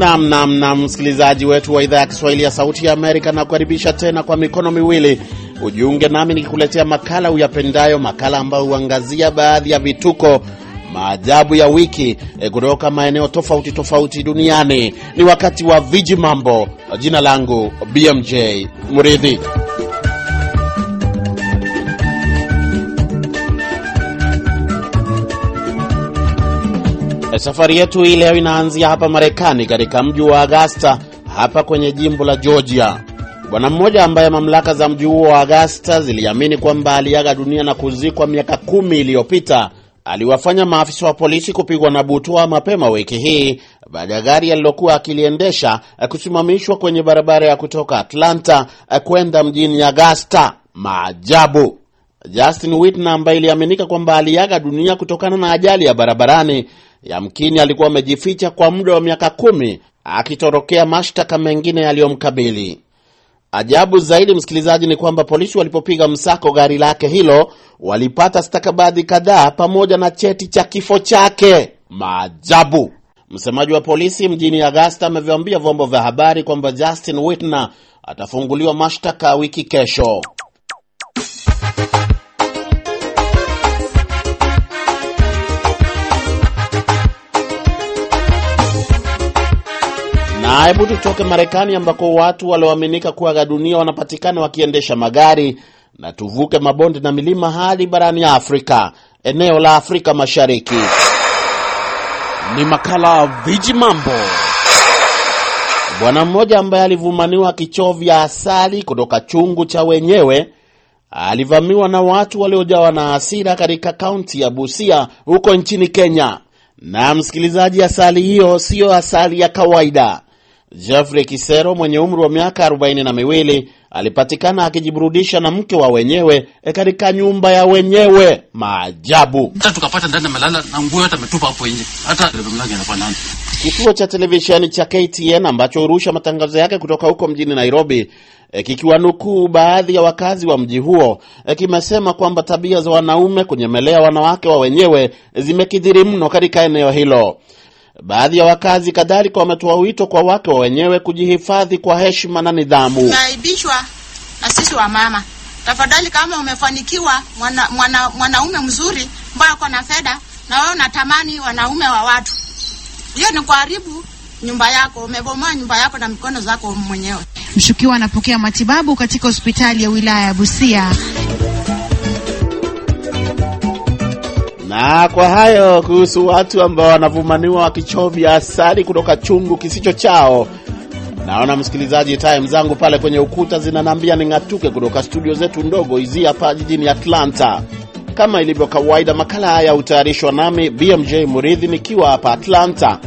Nam, nam, nam, msikilizaji wetu wa idhaa ya Kiswahili ya Sauti ya Amerika, nakukaribisha tena kwa mikono miwili ujiunge nami nikikuletea makala uyapendayo, makala ambayo huangazia baadhi ya vituko, maajabu ya wiki e, kutoka maeneo tofauti tofauti duniani. Ni wakati wa viji mambo. Jina langu BMJ Muridhi. Eh, safari yetu hii leo inaanzia hapa Marekani, katika mji wa Augusta hapa kwenye jimbo la Georgia. Bwana mmoja ambaye mamlaka za mji huo wa Augusta ziliamini kwamba aliaga dunia na kuzikwa miaka kumi iliyopita aliwafanya maafisa wa polisi kupigwa na butwa mapema wiki hii baada ya gari alilokuwa akiliendesha eh, kusimamishwa kwenye barabara ya kutoka Atlanta eh, kwenda mjini Augusta. Maajabu! Justin Whitner ambaye iliaminika kwamba aliaga dunia kutokana na ajali ya barabarani Yamkini alikuwa amejificha kwa muda wa miaka kumi akitorokea mashtaka mengine yaliyomkabili. Ajabu zaidi, msikilizaji, ni kwamba polisi walipopiga msako gari lake hilo walipata stakabadhi kadhaa pamoja na cheti cha kifo chake. Maajabu! Msemaji wa polisi mjini Augusta ameviambia vyombo vya habari kwamba Justin Whitner atafunguliwa mashtaka wiki kesho. Hebu tutoke Marekani ambako watu walioaminika kuaga dunia wanapatikana wakiendesha magari na tuvuke mabonde na milima hadi barani ya Afrika, eneo la Afrika Mashariki. Ni makala Viji Mambo. Bwana mmoja ambaye alivumaniwa kichovya asali kutoka chungu cha wenyewe alivamiwa na watu waliojawa na hasira katika kaunti ya Busia huko nchini Kenya. Na msikilizaji, asali hiyo siyo asali ya kawaida jeffrey Kisero mwenye umri wa miaka arobaini na miwili alipatikana akijiburudisha na mke wa wenyewe e, katika nyumba ya wenyewe. Maajabu! Kituo cha televisheni cha KTN ambacho hurusha matangazo yake kutoka huko mjini Nairobi, e, nukuu baadhi ya wakazi wa mji huo e, kimesema kwamba tabia za wanaume kunyemelea wanawake wa wenyewe zimekidhiri mno katika eneo hilo. Baadhi ya wakazi kadhalika wametoa wito kwa wake wa wenyewe kujihifadhi kwa heshima na nidhamu. Tumeaibishwa na sisi wa mama. Tafadhali, kama umefanikiwa mwanaume mwana, mwana mzuri ambaye ako na fedha na wewe unatamani wanaume wa watu, hiyo ni kuharibu nyumba yako. Umebomoa nyumba yako na mikono zako mwenyewe. Mshukiwa anapokea matibabu katika hospitali ya wilaya ya Busia. Na kwa hayo kuhusu watu ambao wanavumaniwa wakichovya asali kutoka chungu kisicho chao. Naona msikilizaji, time zangu pale kwenye ukuta zinanambia ning'atuke kutoka studio zetu ndogo hizi hapa jijini Atlanta. Kama ilivyo kawaida, makala haya hutayarishwa nami BMJ Muridhi nikiwa hapa Atlanta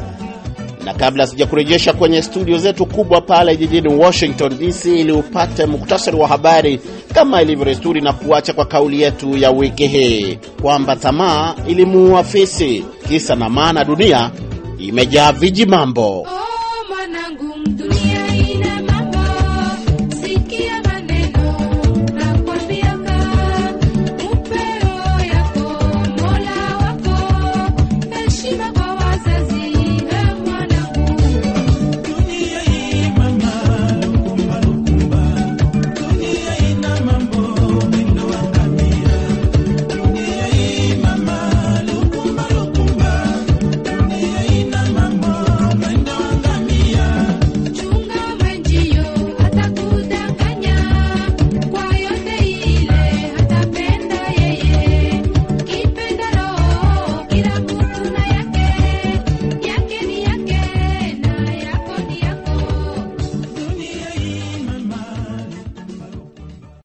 na kabla sijakurejesha kwenye studio zetu kubwa pale jijini Washington DC, ili upate muktasari wa habari kama ilivyo desturi, na kuacha kwa kauli yetu ya wiki hii kwamba tamaa ilimuua fisi. Kisa na maana, dunia imejaa viji mambo oh,